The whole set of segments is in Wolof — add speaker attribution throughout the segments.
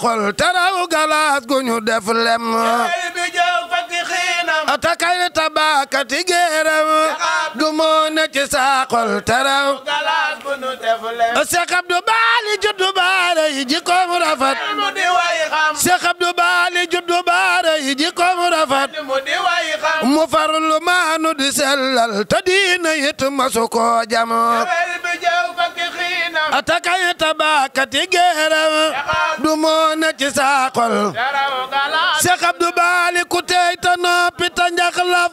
Speaker 1: xol taraw galaas gu def lem atakay tabakati géeram du moo ne ci saaxol taraw Cheikh Abdou Bali juddu juddu baare yi jikkoom rafet mu farlu maanu di sellal te diina masu koo takay tabakati geeram du moona ci saakol Cheikh Abdou Bali ta noppi ta njaxlaf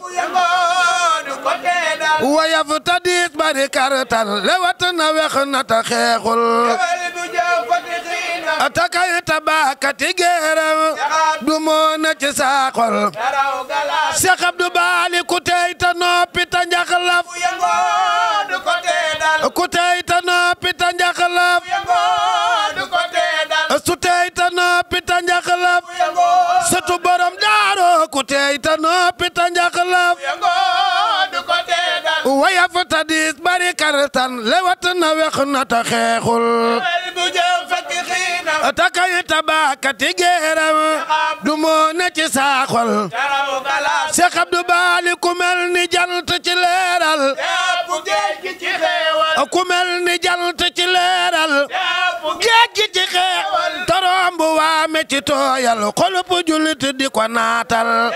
Speaker 1: wayaf ta diis bari kartal lewat na wex na ta xeexul takay tabakati geeram du moona ci saakol Cheikh Abdou sëtu borom daaro ku tey ta noppi ta njaxlaf waya fa ta diis bari kartan lewat na wex na ta xeexul ta kay ta baakati geeram du moo ne ci saaxol Seex Baali ku mel ni jant ci leeral ku mel ni jant ci tooyal xolub jullit di ko naatal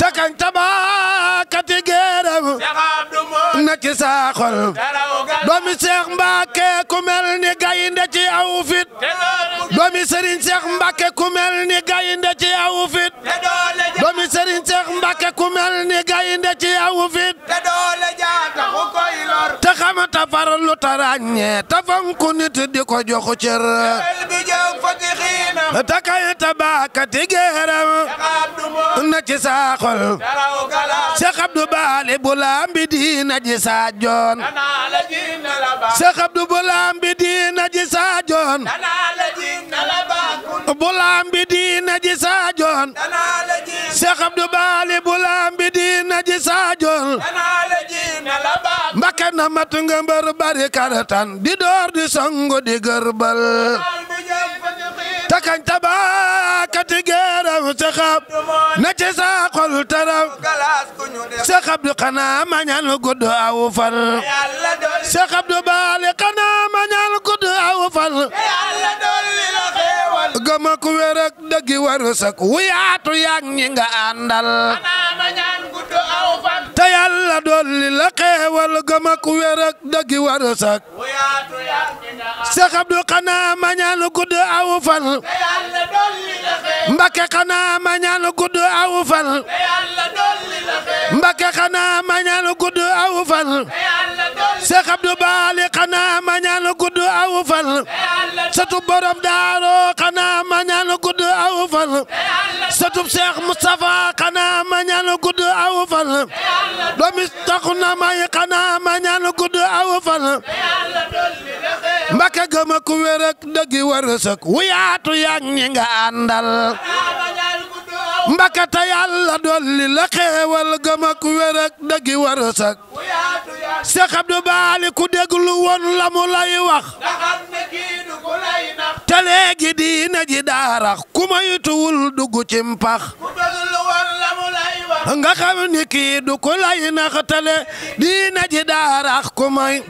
Speaker 1: takañ tabaakati géeram na ci saaxol doomi Seex Mbàkke ku mel ni gaynde ci aw fit doomi Serigne Seex Mbàkke ku mel ni gaynde ci aw fit doomi Serigne Seex Mbàkke ku mel ni gaynde ci aw fit ta farlu ta ràññee ta fonku nit di ko jox cër ta kay ta baakati geeram na ci saaxol Seex Abdu Baali bu laambi diina ji saajoon Seex Abdu bu laambi diina ji saajoon bu laambi diina ji saajoon Seex Abdu Baali bu laambi mbakke na mat nga bari karatan di door di songu di gërbal takañ tabakati geeram saxab na ci saa xol taram saxab du xanaa mañal gudd aw fal saxab du baali xanaa mañal gudd aw fal gama ku dëggi waru sak wuyaatu yaag ñi nga àndal te yàlla dolli la xeewal gëm ak wér ak dëggi war a sàkk Seex Abdu xanaa ma ñaan gudd aw fan Mbakke xanaa ma ñaan gudd aw fan Mbakke xanaa ma ñaan gudd aw fan Seex Abdu Baali xanaa ma ñaan gudd aw fan satub borom daaro xanaa ma ñaan gudd aw fan satub Seex Mustafa xanaa ma ñaan gudd aw fan domis taxu na may xanaa ma ñaan gudd aw fan mbake gëma ku wér ak dëggi wu yaatu yaa nga àndal mbake te yàlla dolli la xéewal gëma ku dëggi wërsëg Seex Abdu Baali ku déglu woon la mu lay wax te léegi diina ji daarax ku maytuwul dugg ci mpax nga xam ni kii du ko lay naxtale diina ji daarax ku may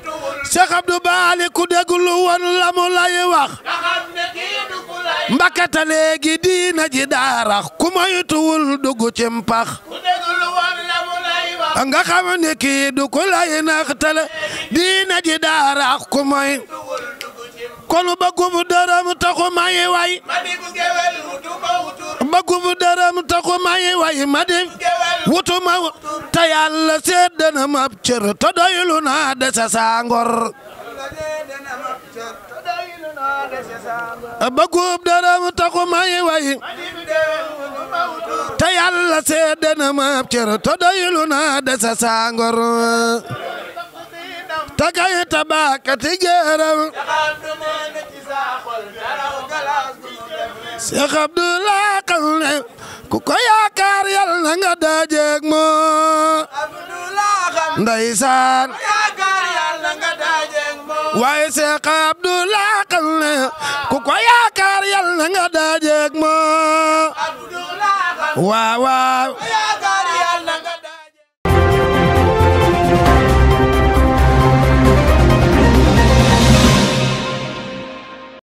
Speaker 1: Cheikh Abdou Bali ku déglu woon la lay wax mbakatale gi diina ji daarax ku may tuwul dugg ci mpax nga xam ni kii du ko lay naxtale diina ji daarax ku may kon bëggub dërëm taxu maye way bëggub dërëm taxu maye way ma di wutuma te yàlla na ma cër na dese saa takay tabakati jeeram Cheikh Abdoulaye xam ne ku ko yaakaar yal na nga dajeeg moom ndeysaan waaye Cheikh Abdoulaye xam ne ku ko yaakaar yal na nga dajeeg moom waaw